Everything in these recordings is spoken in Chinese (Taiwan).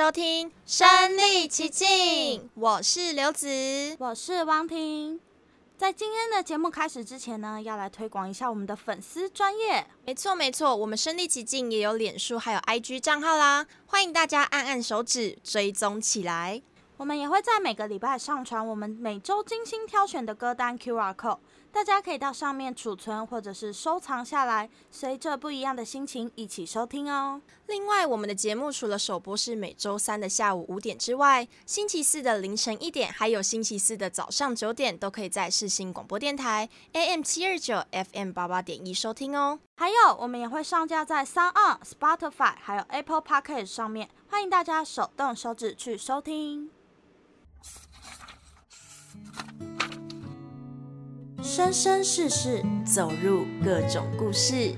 收聽《身歷其境》，我是劉子，我是汪婷。在今天的節目開始之前呢，要來推廣一下我們的粉絲專頁。沒錯沒錯，我們《身歷其境》也有臉書還有 IG 賬號啦，歡迎大家按按手指追蹤起來。我們也會在每個禮拜上傳我們每周精心挑選的歌單 QR code。大家可以到上面儲存或者是收藏下來，隨着不一樣的心情一起收聽哦。另外，我們的節目除了首播是每周三的下午五點之外，星期四的凌晨一點，還有星期四的早上九點，都可以在世新廣播電台 AM 七二九 FM 八八點一收聽哦。還有，我們也會上架在 SoundOn Spotify 還有 Apple Podcast 上面，歡迎大家手動手指去收聽。生生世世走入各種故事。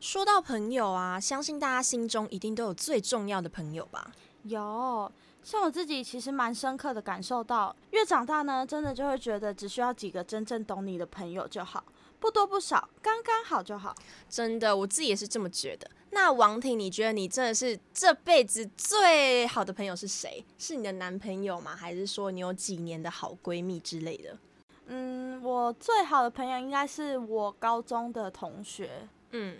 說到朋友啊，相信大家心中一定都有最重要的朋友吧？有，像我自己其實蠻深刻的感受到，越長大呢，真的就會覺得只需要幾個真正懂你的朋友就好，不多不少，剛剛好就好。真的，我自己也是這麼覺得。那王婷，你覺得你真的是這輩子最好的朋友是誰？是你的男朋友嗎？還是說你有幾年的好閨蜜之類的？嗯，我最好的朋友應該是我高中的同學。嗯，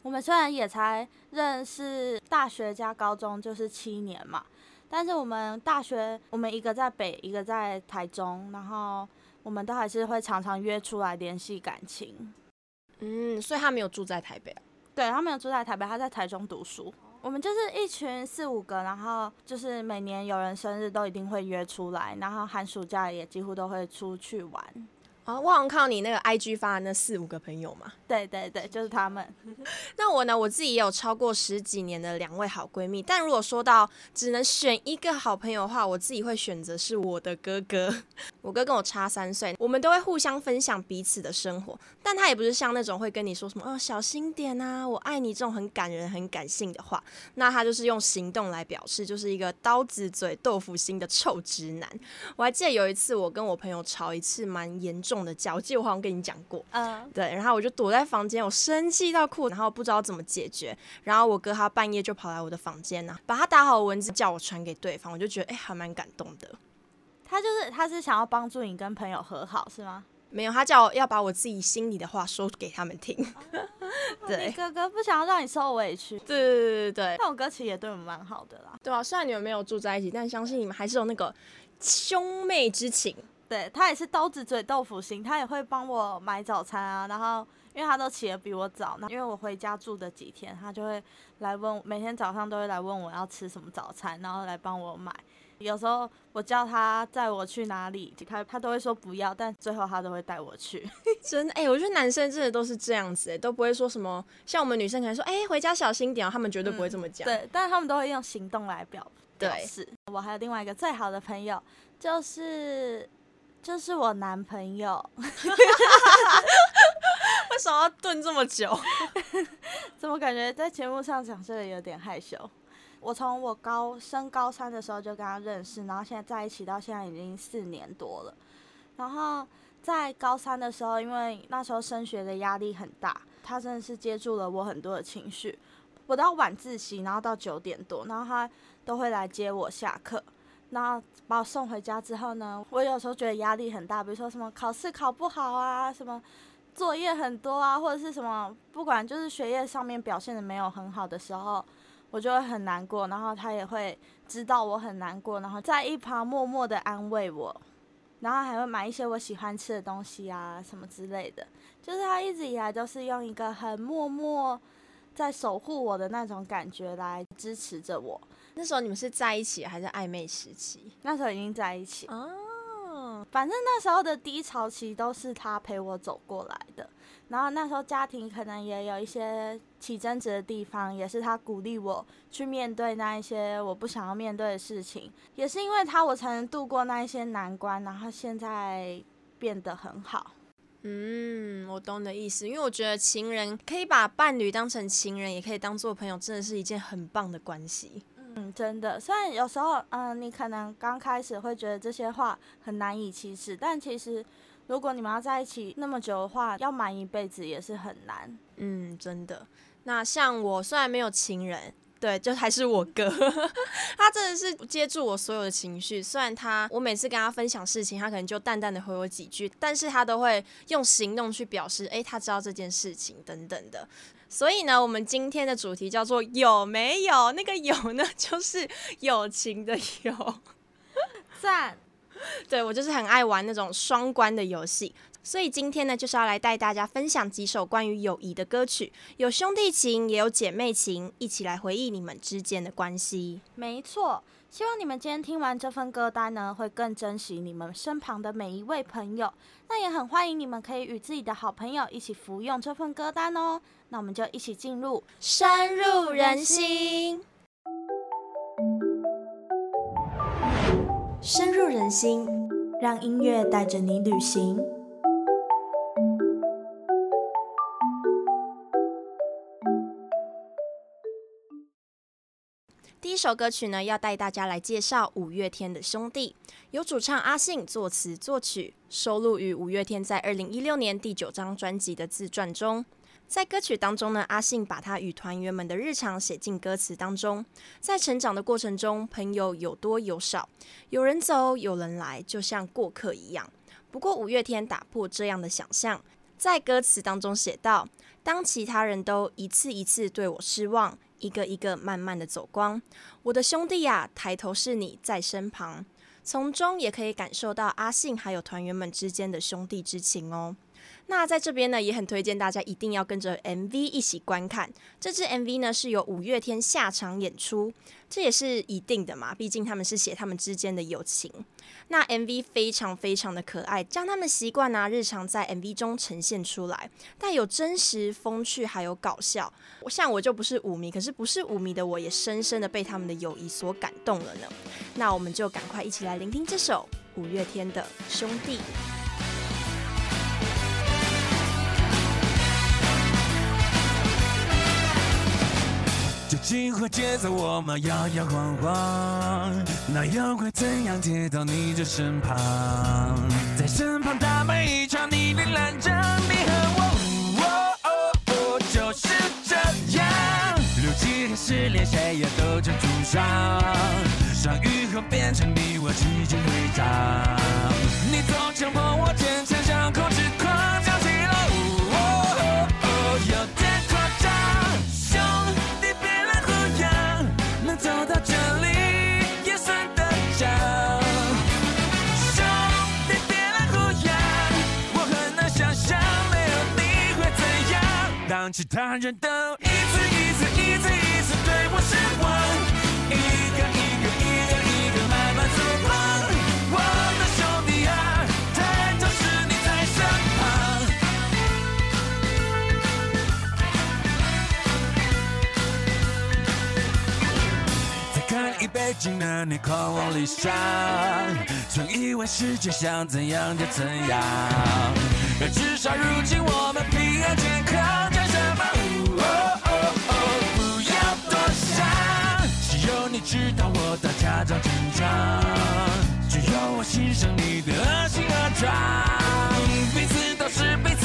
我們雖然也才認識，大學加高中就是七年嘛，但是我們大學，我們一個在北，一個在台中，然後我們都還是會常常約出來聯繫感情。嗯，所以他沒有住在台北啊。對，他沒有住在台北，他在台中讀書。我們就是一群四五個，然後就是每年有人生日都一定會約出來，然後寒暑假也幾乎都會出去玩。啊，我好靠你那個 IG 發的那四五個朋友嘛？對對對，就是他們。 那我呢？我自己也有超過十幾年的兩位好閨蜜，但如果說到只能選一個好朋友的話，我自己會選擇是我的哥哥。 我哥跟我差三歲，我們都會互相分享彼此的生活，但他也不是像那種會跟你說什麼“哦，小心點啊，我愛你”這種很感人、很感性的話。那他就是用行動來表示，就是一個刀子嘴、豆腐心的臭直男。我還記得有一次，我跟我朋友吵一次蠻嚴重的。的叫，我記得我好像跟你講過，嗯，對，然後我就躲在房間，我生氣到哭，然後不知道怎麼解決，然後我哥他半夜就跑來我的房間、啊，把他打好的文字叫我傳給對方，我就覺得哎、欸，還蠻感動的。他就是，他是想要幫助你跟朋友和好是嗎？沒有，他叫我要把我自己心裡的話說給他們聽。啊、對，啊、哥哥不想要讓你受委屈。對對對對但我哥其實也對我們蠻好的啦。對啊，雖然你們沒有住在一起，但相信你們還是有那個兄妹之情。對他也是刀子嘴豆腐心，他也會幫我買早餐啊。然後，因為他都起得比我早，那因為我回家住的幾天，他就會來問，每天早上都會來問我要吃什麼早餐，然後來幫我買。有時候我叫他載我去哪裡，他他都會說不要，但最後他都會帶我去。真的，哎，我覺得男生真的都是這樣子、欸，哎，都不會說什麼，像我們女生可能說，哎、欸，回家小心點哦，他們絕對不會這麼講。嗯、對，但是他們都會用行動來表表示，我還有另外一個最好的朋友，就是。就是我男朋友， 為什麼要燉這麼久？ 怎麼感覺在節目上講這個有點害羞？我從我高升高三的時候就跟他認識，然後現在在一起到現在已經四年多了。然後在高三的時候，因為那時候升學的壓力很大，他真的是接住了我很多的情緒。我到晚自習，然後到九點多，然後他都會來接我下課。然後把我送回家之後呢，我有時候覺得壓力很大，比如說什麼考試考不好啊，什麼作業很多啊，或者是什麼不管就是學業上面表現的沒有很好的時候，我就會很難過。然後他也會知道我很難過，然後在一旁默默的安慰我，然後還會買一些我喜歡吃的東西啊什麼之類的。就是他一直以來都是用一個很默默在守護我的那種感覺來支持着我。那時候你們是在一起還是曖昧時期？那時候已經在一起哦。反正那時候的低潮期都是他陪我走過來的。然後那時候家庭可能也有一些起爭執的地方，也是他鼓勵我去面對那一些我不想要面對的事情。也是因為他，我才能度過那一些難關。然後現在變得很好。嗯，我懂你的意思。因為我覺得情人可以把伴侶當成情人，也可以當作朋友，真的是一件很棒的關係。嗯，真的。雖然有時候，嗯、呃，你可能剛開始會覺得這些話很難以啟齒，但其實如果你們要在一起那麼久的話，要瞞一輩子也是很難。嗯，真的。那像我，雖然沒有情人，對，就還是我哥， 他真的是接住我所有的情緒。雖然他，我每次跟他分享事情，他可能就淡淡的回我幾句，但是他都會用行動去表示，哎、欸，他知道這件事情等等的。所以呢，我們今天的主題叫做“有沒有”，那個有呢，就是友情的“友。” 讚，對，我就是很愛玩那種雙關的遊戲。所以今天呢，就是要來帶大家分享幾首關於友誼的歌曲，有兄弟情，也有姐妹情，一起來回憶你們之間的關係。沒錯，希望你們今天聽完這份歌單呢，會更珍惜你們身旁的每一位朋友。那也很歡迎你們可以與自己的好朋友一起服用這份歌單哦。那我們就一起進入深入人心，深入人心，讓音樂帶着你旅行。第一首歌曲呢，要帶大家來介紹五月天的兄弟，由主唱阿信作詞作曲，收錄於五月天在二零一六年第九張專輯的自傳中。在歌曲當中呢，阿信把他與團員們的日常寫進歌詞當中。在成長的過程中，朋友有多有少，有人走，有人來，就像過客一樣。不過五月天打破這樣的想象，在歌詞當中寫道：當其他人都一次一次對我失望，一個一個慢慢的走光，我的兄弟啊，抬頭是你在身旁。從中也可以感受到阿信還有團員們之間的兄弟之情哦。那在這邊呢，也很推薦大家一定要跟着 MV 一起觀看。這支 MV 呢，是由五月天下場演出，這也是一定的嘛，畢竟他們是寫他們之間的友情。那 MV 非常非常的可愛，將他們習慣啊日常在 MV 中呈現出來，帶有真實、風趣，還有搞笑。我像我就不是舞迷，可是不是舞迷的我也深深的被他們的友誼所感動了呢。那我們就趕快一起來聆聽這首五月天的兄弟。心會節奏，我們搖搖晃晃，那又會怎樣？跌到你的身旁，在身旁大夢一場，你臉染着，你和我、哦哦哦，就是這樣。六七的失戀，誰也都將受傷，傷癒合變成你我，激情迴盪。你總強迫我堅強，像空。其他人都一次一次一次一次對我失望，一個一個一個一個慢慢走光。我的兄弟啊，抬頭是你在身旁。再乾一杯，敬了你過往理想，曾以為世界，想怎樣就怎樣。至少如今我們平安健康。知道我在假裝堅強，只有我欣賞你的惡形惡狀，彼此都是彼。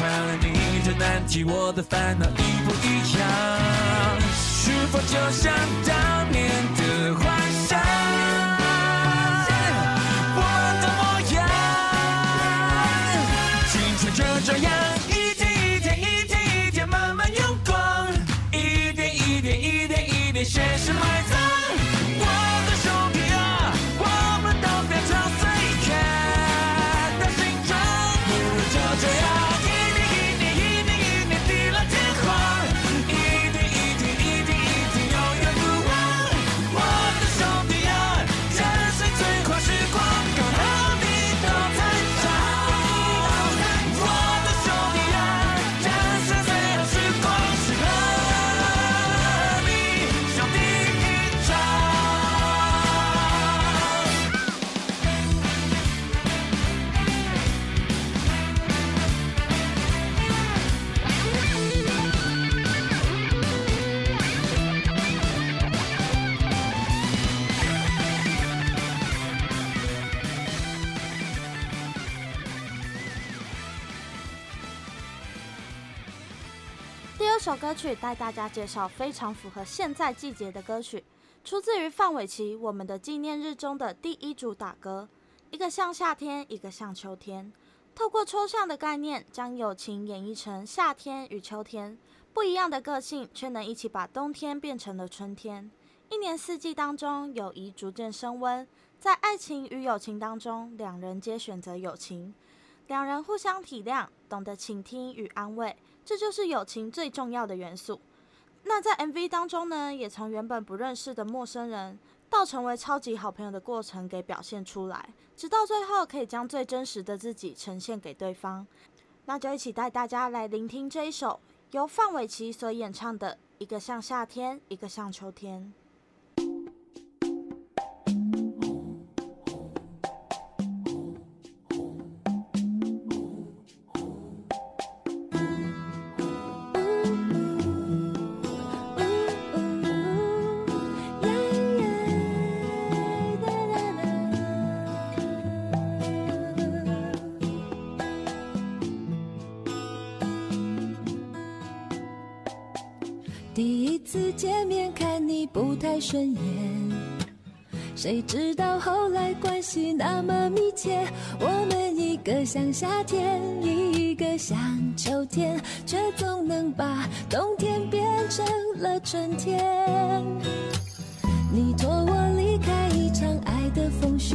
看來你的難題，我的煩惱，一不一樣？是否就像？帶大家介紹非常符合現在季節的歌曲，出自於范瑋琪《我們的紀念日》中的第一主打歌。一個像夏天，一個像秋天。透過抽象的概念，將友情演繹成夏天與秋天不一樣的個性，卻能一起把冬天變成了春天。一年四季當中，友誼逐漸升溫。在愛情與友情當中，兩人皆選擇友情。兩人互相體諒，懂得傾聽與安慰。這就是友情最重要的元素。那在 MV 當中呢，也從原本不認識的陌生人，到成為超級好朋友的過程給表現出來，直到最後可以將最真實的自己呈現給對方。那就一起帶大家來聆聽這一首由范瑋琪所演唱的《一個像夏天，一個像秋天》。誰知道後來關係那麼密切，我們一個像夏天，一,一個像秋天，卻總能把冬天變成了春天。你拖我離開一場愛的風雪。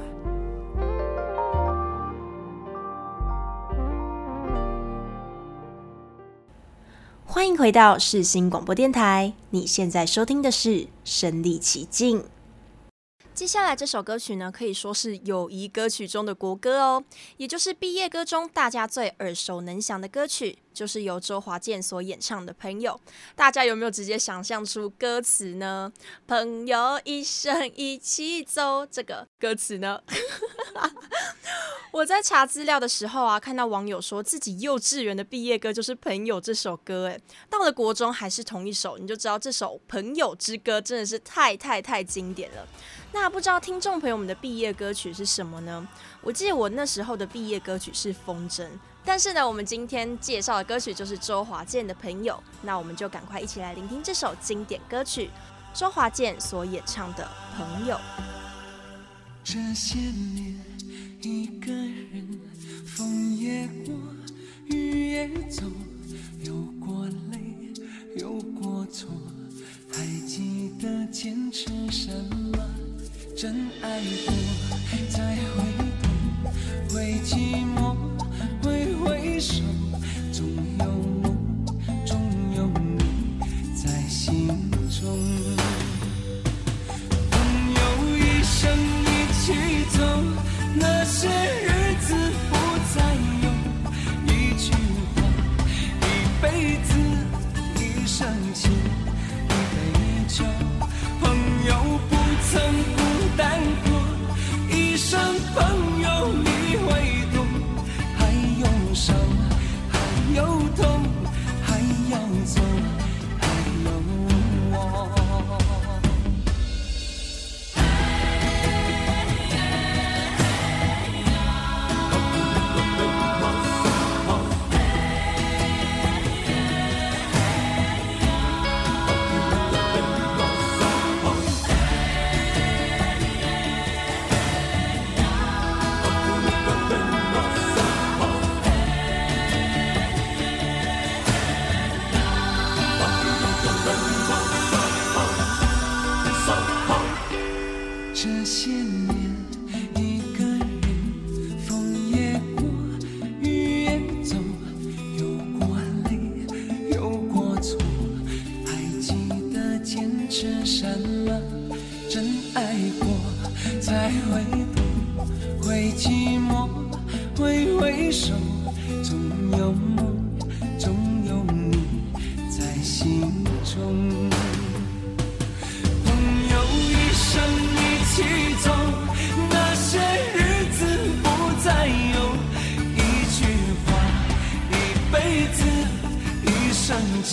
回到世新廣播電台，你現在收聽的是身歷其境。接下來這首歌曲呢，可以說是友誼歌曲中的國歌哦，也就是畢業歌中大家最耳熟能詳的歌曲。就是由周華健所演唱的《朋友》，大家有沒有直接想象出歌詞呢？“朋友一生一起走”這個歌詞呢？ 我在查資料的時候啊，看到網友說自己幼稚園的畢業歌就是《朋友》這首歌，欸，哎，到了國中還是同一首，你就知道這首《朋友之歌》真的是太太太經典了。那不知道聽眾朋友們的畢業歌曲是什麼呢？我記得我那時候的畢業歌曲是《風箏》。但是呢，我們今天介紹的歌曲就是周華健的《朋友》，那我們就趕快一起來聆聽這首經典歌曲，周華健所演唱的《朋友》。這些年一個人，風也過，雨也走。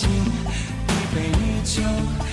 一杯酒。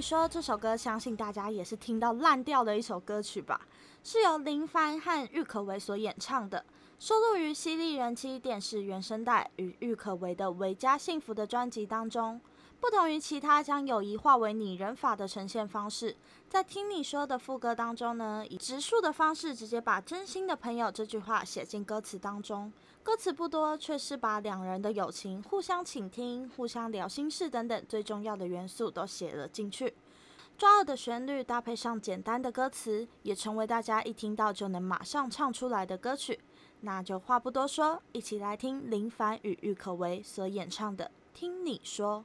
你說這首歌相信大家也是聽到爛掉的一首歌曲吧，是由林凡和郁可唯所演唱的，收錄於《犀利人妻》電視原聲帶與郁可唯的《唯加幸福》的專輯當中。不同於其他將友誼化為擬人法的呈現方式，在《聽你說》的副歌當中呢，以直述的方式直接把“真心的朋友”這句話寫進歌詞當中。歌詞不多，卻是把兩人的友情、互相傾聽、互相聊心事等等最重要的元素都寫了進去。抓耳的旋律搭配上簡單的歌詞，也成為大家一聽到就能馬上唱出來的歌曲。那就話不多說，一起來聽林凡與郁可唯所演唱的《聽你說》。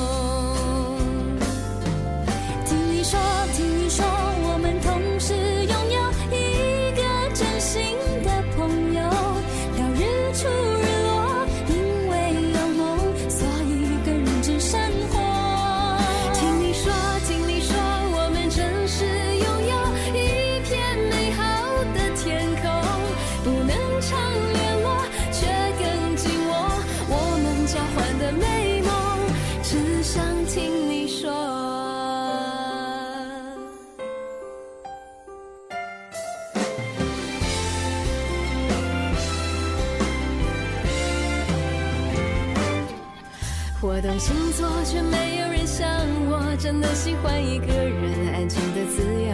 星座卻沒有人像我，真的喜歡一個人，安靜的自由。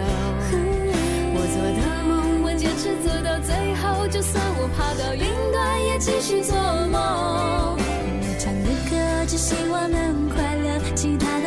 我做的夢，我堅持做到最後，就算我爬到雲端，也繼續做夢。我唱的歌，只希望能快樂。其他的。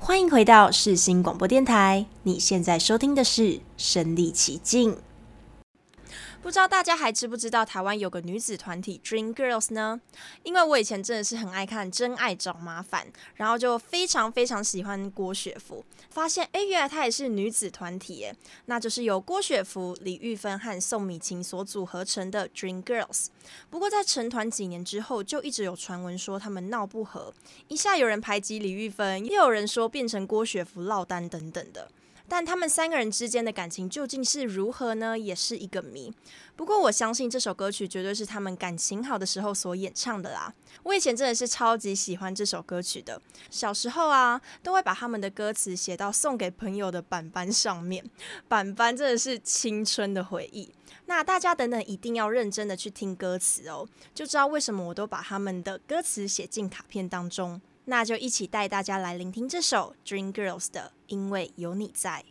歡迎回到世新廣播電台，你現在收聽的是《身歷其境》。不知道大家還知不知道台灣有個女子團體 Dream Girls 呢？因為我以前真的是很愛看《真愛找麻煩》，然後就非常非常喜歡郭雪芙，發現哎、欸，原來她也是女子團體耶。那就是由郭雪芙、李玉芬和宋米晴所組合成的 Dream Girls。不過在成團幾年之後，就一直有傳聞說他們鬧不和，一下有人排擠李玉芬，又有人說變成郭雪芙落單等等的。但他們三個人之間的感情究竟是如何呢？也是一個謎。不過我相信這首歌曲絕對是他們感情好的時候所演唱的啦。我以前真的是超級喜歡這首歌曲的，小時候啊都會把他們的歌詞寫到送給朋友的板板上面，板板真的是青春的回憶。那大家等等一定要認真的去聽歌詞哦，就知道為什麼我都把他們的歌詞寫進卡片當中。那就一起帶大家來聆聽這首 Dream Girls 的《因為有你在》。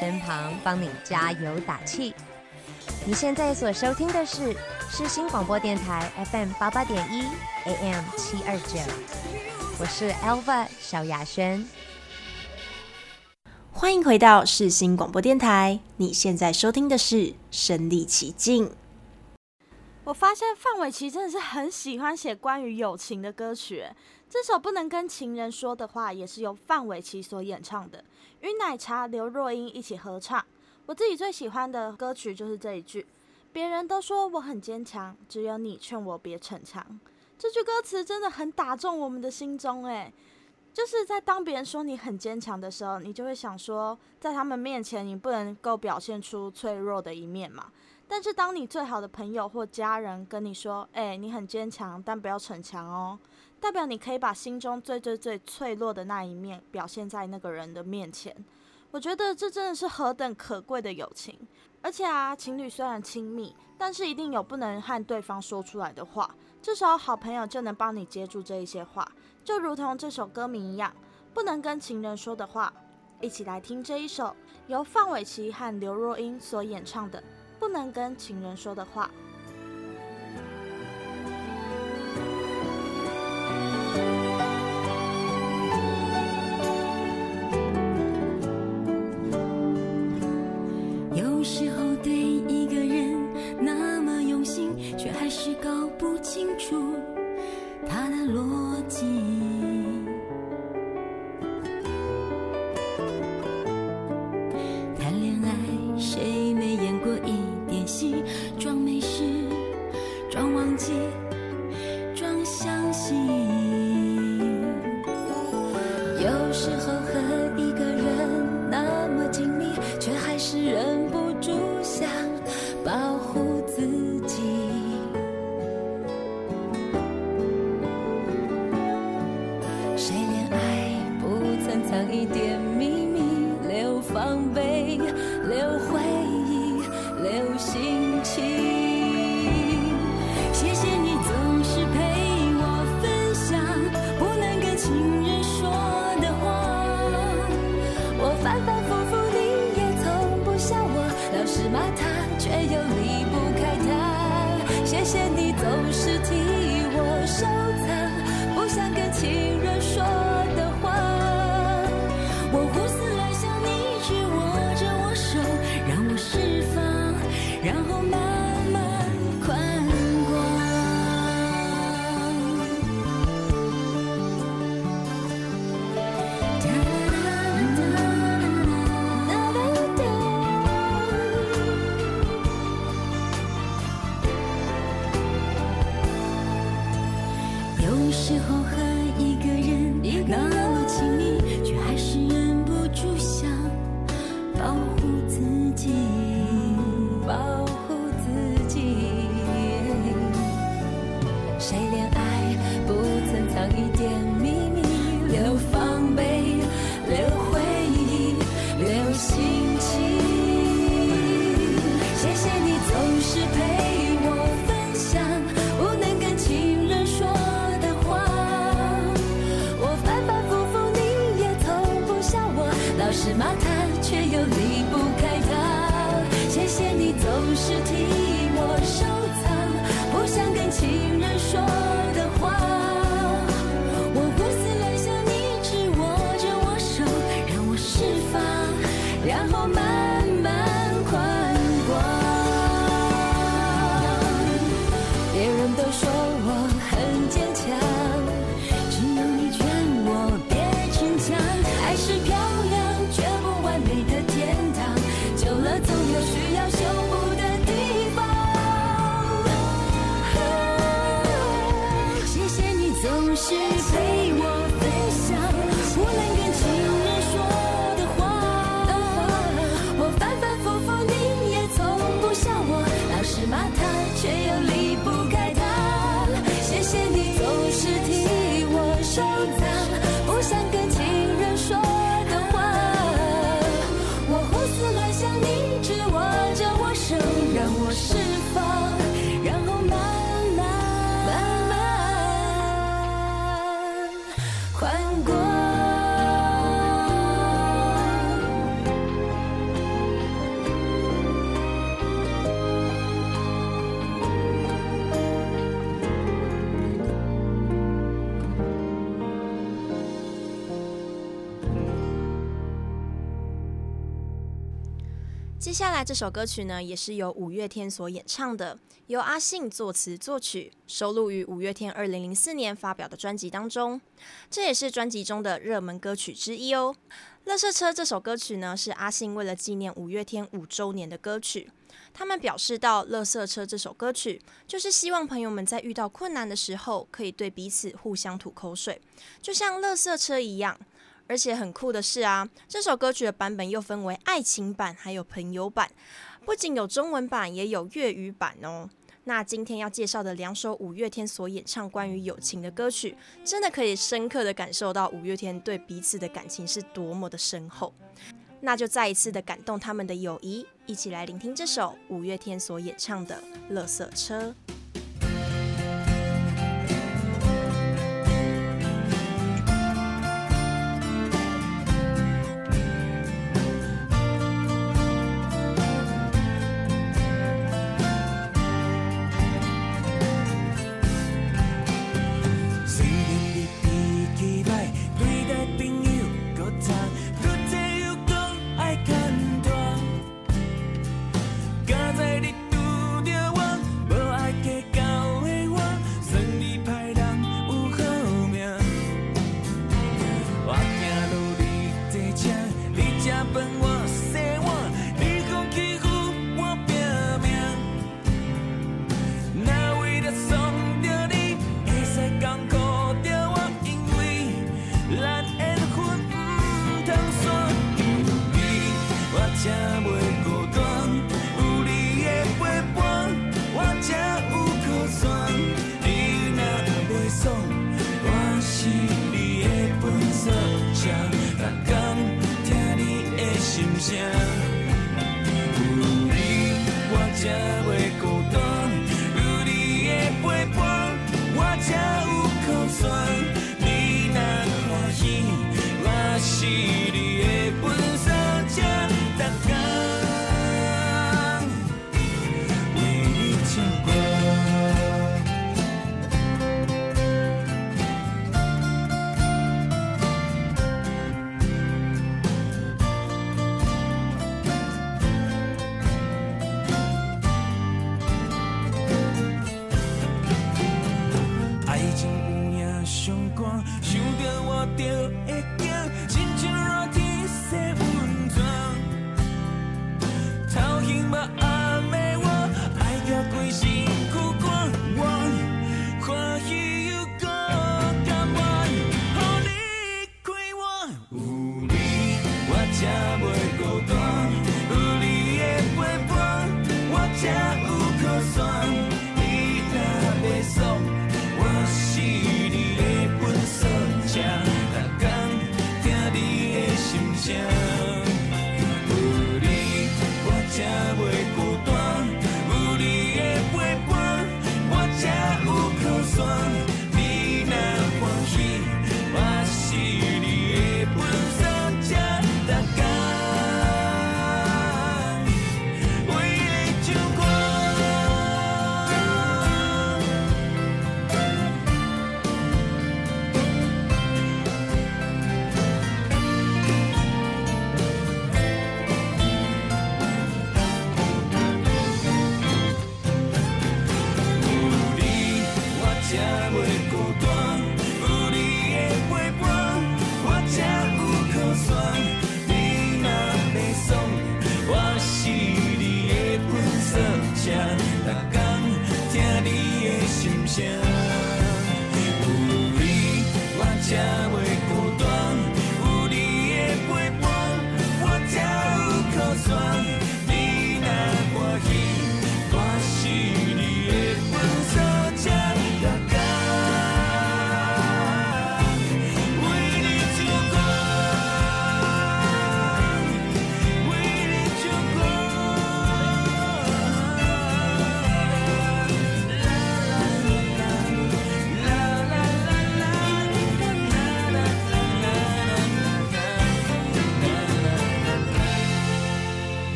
身旁幫你加油打氣。你現在所收聽的是世新廣播電台 FM 八八點一 AM 七二九，我是 Elva 蕭亞軒，歡迎回到世新廣播電台。你現在收聽的是身歷其境。我發現范瑋琪真的是很喜歡寫關於友情的歌曲，這首不能跟情人說的話也是由范瑋琪所演唱的。與奶茶劉若英一起合唱，我自己最喜歡的歌曲就是這一句。別人都說我很堅強，只有你勸我別逞強。這句歌詞真的很打中我們的心中，誒，就是在當別人說你很堅強的時候，你就會想說，在他們面前你不能夠表現出脆弱的一面嘛。但是，當你最好的朋友或家人跟你說：“哎、欸，你很堅強，但不要逞強哦。”代表你可以把心中最最最脆弱的那一面表現在那個人的面前。我覺得這真的是何等可貴的友情。而且啊，情侶雖然親密，但是一定有不能和對方說出來的話。至少好朋友就能幫你接住這一些話。就如同這首歌名一樣，不能跟情人說的話。一起來聽這一首由范瑋琪和劉若英所演唱的。不能跟情人說的話。那這首歌曲呢，也是由五月天所演唱的，由阿信作詞作曲，收錄於五月天二零零四年發表的專輯當中。這也是專輯中的熱門歌曲之一哦。《垃圾車》這首歌曲呢，是阿信為了紀念五月天五周年的歌曲。他們表示到，《垃圾車》這首歌曲就是希望朋友們在遇到困難的時候，可以對彼此互相吐口水，就像垃圾車一樣。而且很酷的是啊，這首歌曲的版本又分為愛情版還有朋友版，不僅有中文版，也有粵語版哦。那今天要介紹的兩首五月天所演唱關於友情的歌曲，真的可以深刻的感受到五月天對彼此的感情是多麼的深厚。那就再一次的感動他們的友誼，一起來聆聽這首五月天所演唱的《垃圾車》。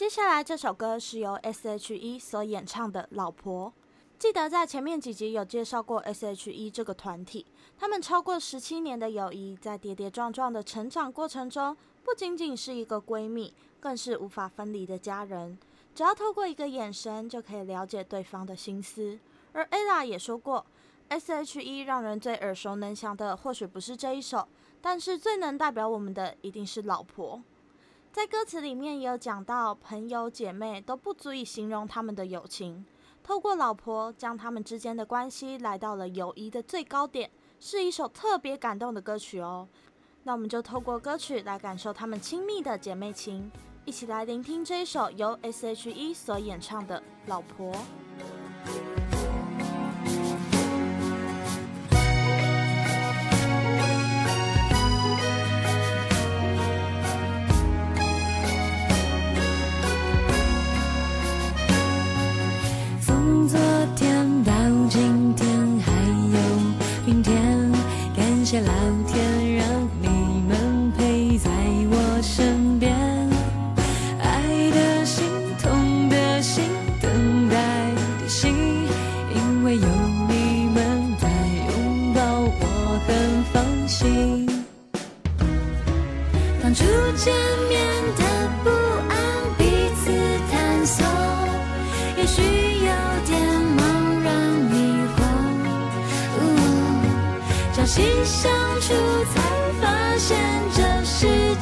接下來這首歌是由 S.H.E 所演唱的《老婆》，記得在前面幾集有介紹過 S.H.E 這個團體，他們超過十七年的友誼，在跌跌撞撞的成長過程中，不僅僅是一個閨蜜，更是無法分離的家人。只要透過一個眼神，就可以了解對方的心思。而 Ella 也說過，S.H.E 讓人最耳熟能詳的或許不是這一首，但是最能代表我們的一定是《老婆》。在歌詞裡面也有講到，朋友姐妹都不足以形容他們的友情。透過老婆，將他們之間的關係來到了友誼的最高點，是一首特別感動的歌曲哦。那我們就透過歌曲來感受他們親密的姐妹情，一起來聆聽這一首由 S.H.E 所演唱的《老婆》。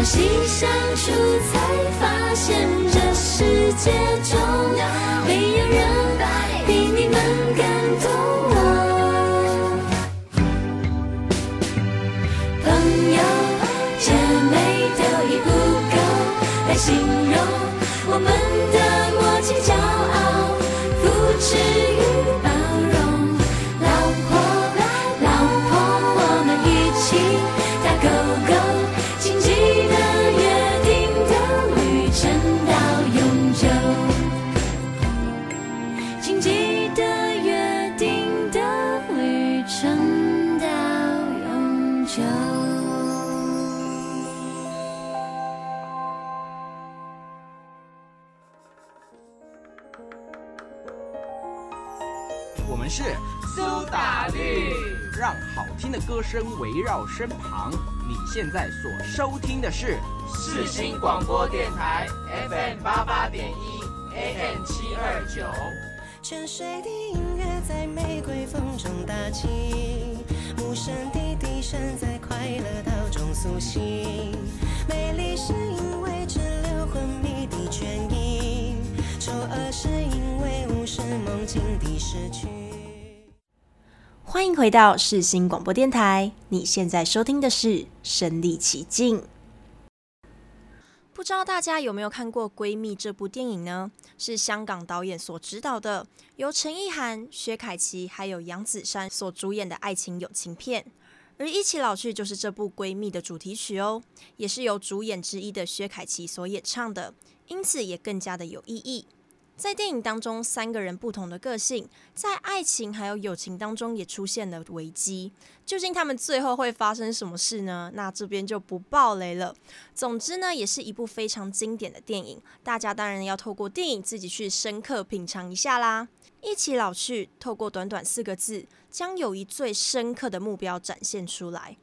朝夕相處，才發現這世界中沒有人比你們。歌聲圍繞身旁，你現在所收聽的是世新廣播電台 FM 八八點一 AM 七二九。泉水的音樂在玫瑰風中打起，無聲滴滴聲在快樂道中甦醒。美麗是因為只留昏迷的倦意，醜惡是因為無視夢境的失去。歡迎回到世新廣播電台，你現在收聽的是身歷其境。不知道大家有沒有看過《閨蜜》這部電影呢？是香港導演所執導的，由陳意涵、薛凱琪還有楊子姍所主演的愛情友情片。而一起老去就是這部《閨蜜》的主題曲哦，也是由主演之一的薛凱琪所演唱的，因此也更加的有意義。在電影當中，三個人不同的個性，在愛情還有友情當中也出現了危機。究竟他們最後會發生什麼事呢？那這邊就不爆雷了。總之呢，也是一部非常經典的電影，大家當然要透過電影自己去深刻品嘗一下啦。一起老去，透過短短四個字，將友誼最深刻的目標展現出來。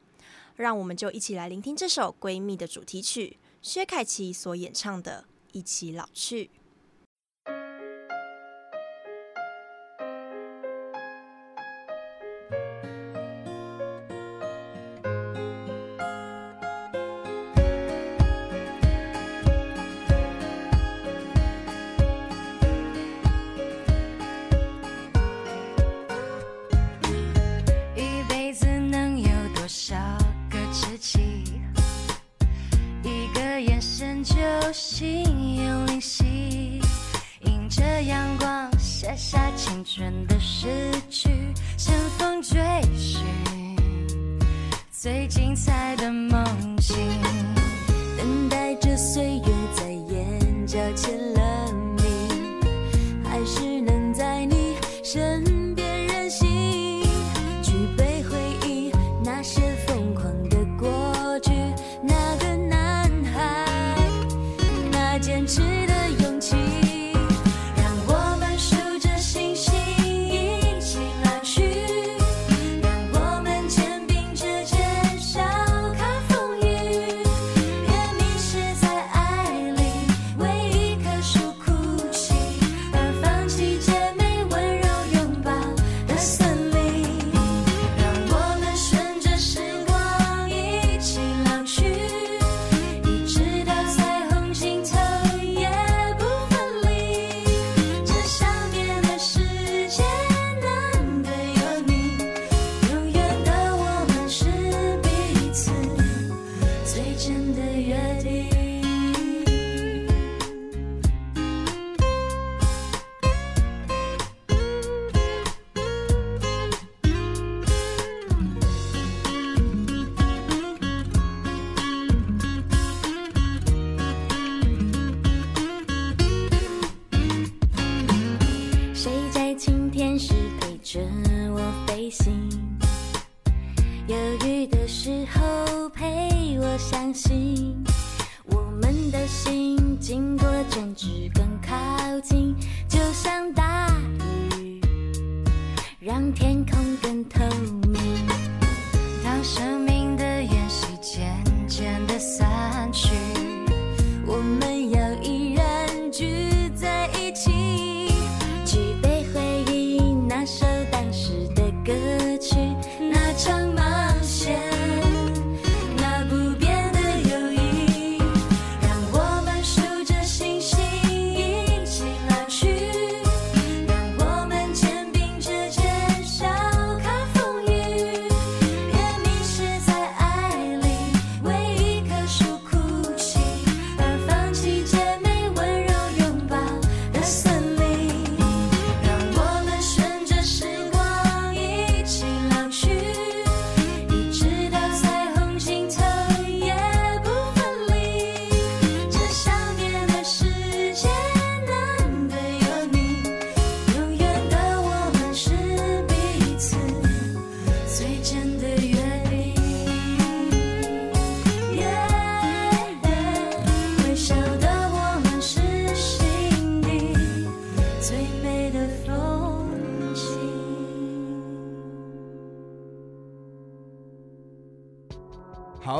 讓我們就一起來聆聽這首閨蜜的主題曲，薛凱琪所演唱的《一起老去》。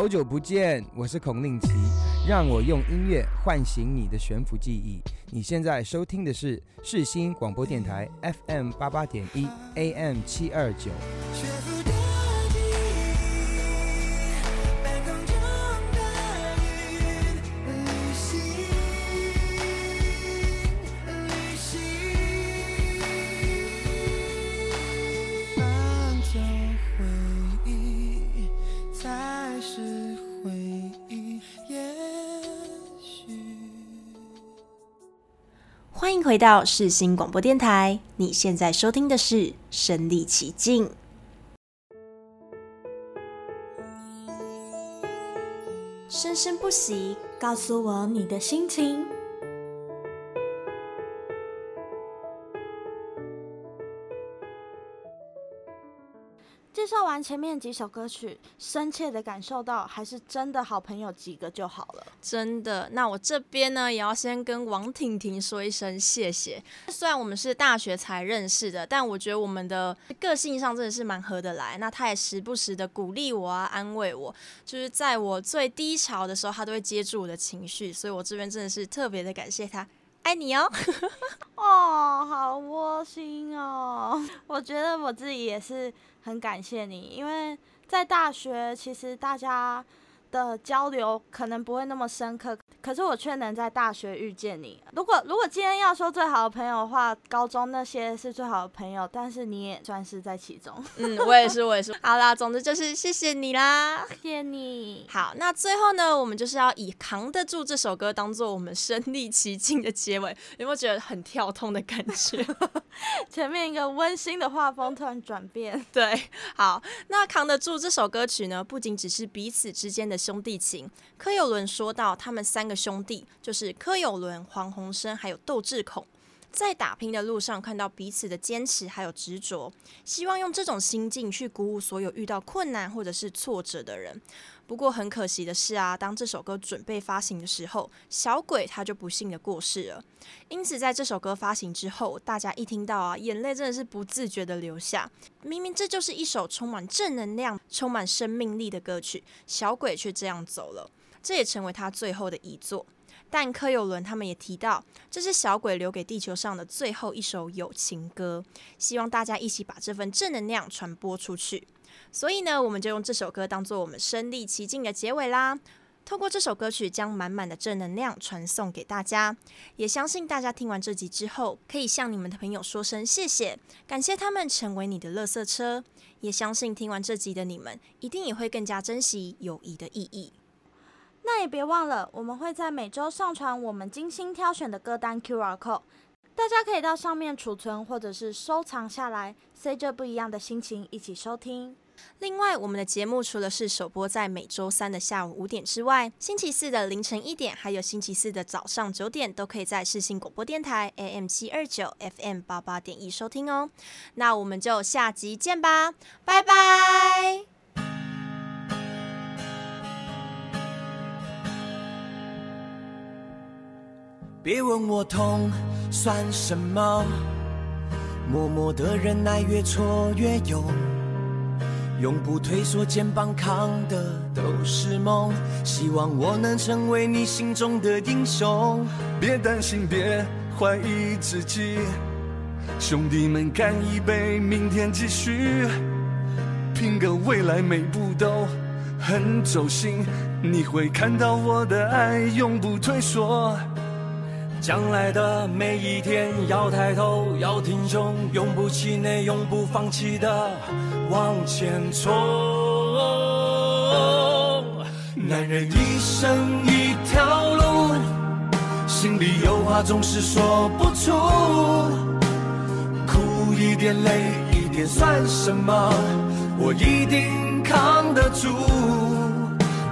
久不見，我是孔令奇，讓我用音樂喚醒你的懸浮記憶。你現在收聽的是世新廣播電台 FM 八八點一 AM 七二九。歡迎回到世新廣播電臺，你現在收聽的是身歷其境，生生不息。告訴我你的心情。介紹完前面幾首歌曲，深切的感受到，還是真的好朋友幾個就好了。真的，那我這邊呢，也要先跟王婷婷說一聲謝謝。雖然我們是大學才認識的，但我覺得我們的個性上真的是蠻合得來。那他也時不時的鼓勵我啊，安慰我，就是在我最低潮的時候，他都會接住我的情緒。所以我這邊真的是特別的感謝他。愛你哦！哦，好窩心哦！我覺得我自己也是很感謝你，因為在大學，其實大家，的交流可能不會那麼深刻，可是我卻能在大學遇見你。如果如果今天要說最好的朋友的話，高中那些是最好的朋友，但是你也算是在其中。 嗯，我也是，我也是。好啦，總之就是謝謝你啦，謝謝你。好，那最後呢，我們就是要以扛得住這首歌當做我們身歷其境的結尾。有沒有覺得很跳痛的感覺？ 前面一個溫馨的畫風突然轉變， 對。好，那扛得住這首歌曲呢，不僅只是彼此之間的。兄弟情，柯有倫說到，他們三個兄弟就是柯有倫、黃鴻升還有竇智孔，在打拼的路上看到彼此的堅持還有執着，希望用這種心境去鼓舞所有遇到困難或者是挫折的人。不過很可惜的是啊，當這首歌準備發行的時候，小鬼他就不幸的過世了。因此，在這首歌發行之後，大家一聽到啊，眼淚真的是不自覺地流下。明明這就是一首充滿正能量、充滿生命力的歌曲，小鬼卻這樣走了，這也成為他最後的遺作。但柯有倫他們也提到，這是小鬼留給地球上的最後一首友情歌，希望大家一起把這份正能量傳播出去。所以呢，我們就用這首歌當做我們身歷其境的結尾啦。透過這首歌曲，將滿滿的正能量傳送給大家。也相信大家聽完這集之後，可以向你們的朋友說聲謝謝，感謝他們成為你的垃圾車。也相信聽完這集的你們，一定也會更加珍惜友誼的意義。那也別忘了，我們會在每周上傳我們精心挑選的歌單 QR code，大家可以到上面儲存或者是收藏下來，隨着不一樣的心情一起收聽。另外，我們的節目除了是首播在每周三的下午五點之外，星期四的凌晨一點，還有星期四的早上九點，都可以在世新廣播電台 AM 七二九 FM 八八點一收聽哦。那我們就下集見吧，拜拜。別問我痛算什麼，默默的忍耐越挫越勇。永不退縮，肩膀扛的都是夢。希望我能成為你心中的英雄。別擔心，別懷疑自己。兄弟們，乾一杯，明天繼續。拼個未來每步都很走心，你會看到我的愛永不退縮。將來的每一天要抬頭，要挺胸，永不氣餒，永不放棄的。往前衝！男人一生一條路，心裡有話總是說不出，苦一點累一點算什麼？我一定扛得住。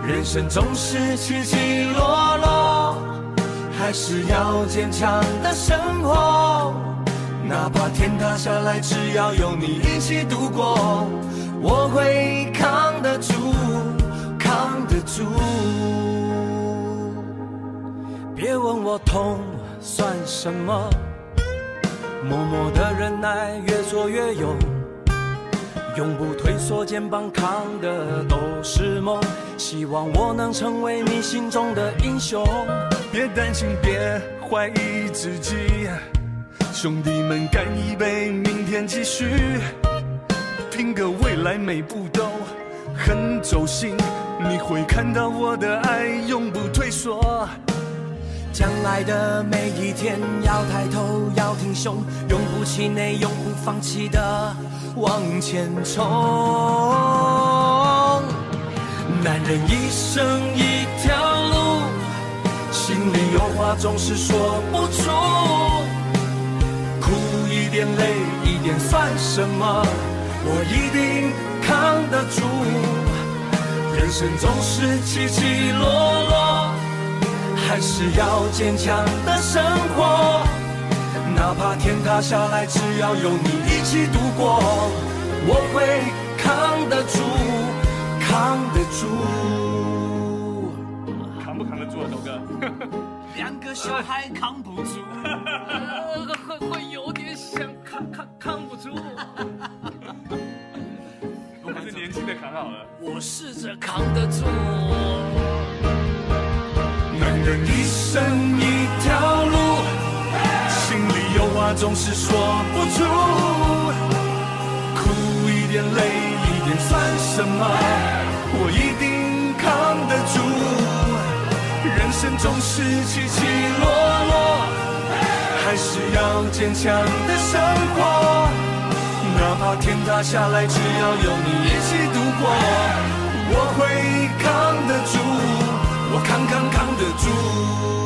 人生總是起起落落，還是要堅強的生活。哪怕天塌下來，只要有你一起度過，我會扛得住，扛得住。別問我痛算什麼，默默的忍耐，越挫越勇，永不退縮，肩膀扛的都是夢。希望我能成為你心中的英雄，別擔心，別懷疑自己。兄弟們，乾一杯，明天繼續，拼個未來每步都很走心。你會看到我的愛永不退縮。將來的每一天要抬頭，要挺胸，永不氣餒，永不放棄的往前衝。男人一生一條路，心裡有話總是說不出。眼淚一點算什麼？我一定扛得住。人生總是起起落落，還是要堅強的生活。哪怕天塌下來，只要有你一起度過，我會扛得住，扛得住。扛不扛得住啊，東哥？兩個小孩扛不住。我試着扛得住，男人一生一條路，心裡有話總是說不出，苦一點累一點算什麼？我一定扛得住，人生總是起起落落，還是要堅強的生活。哪怕天塌下來，只要有你一起度過，我會扛得住，我扛扛扛得住。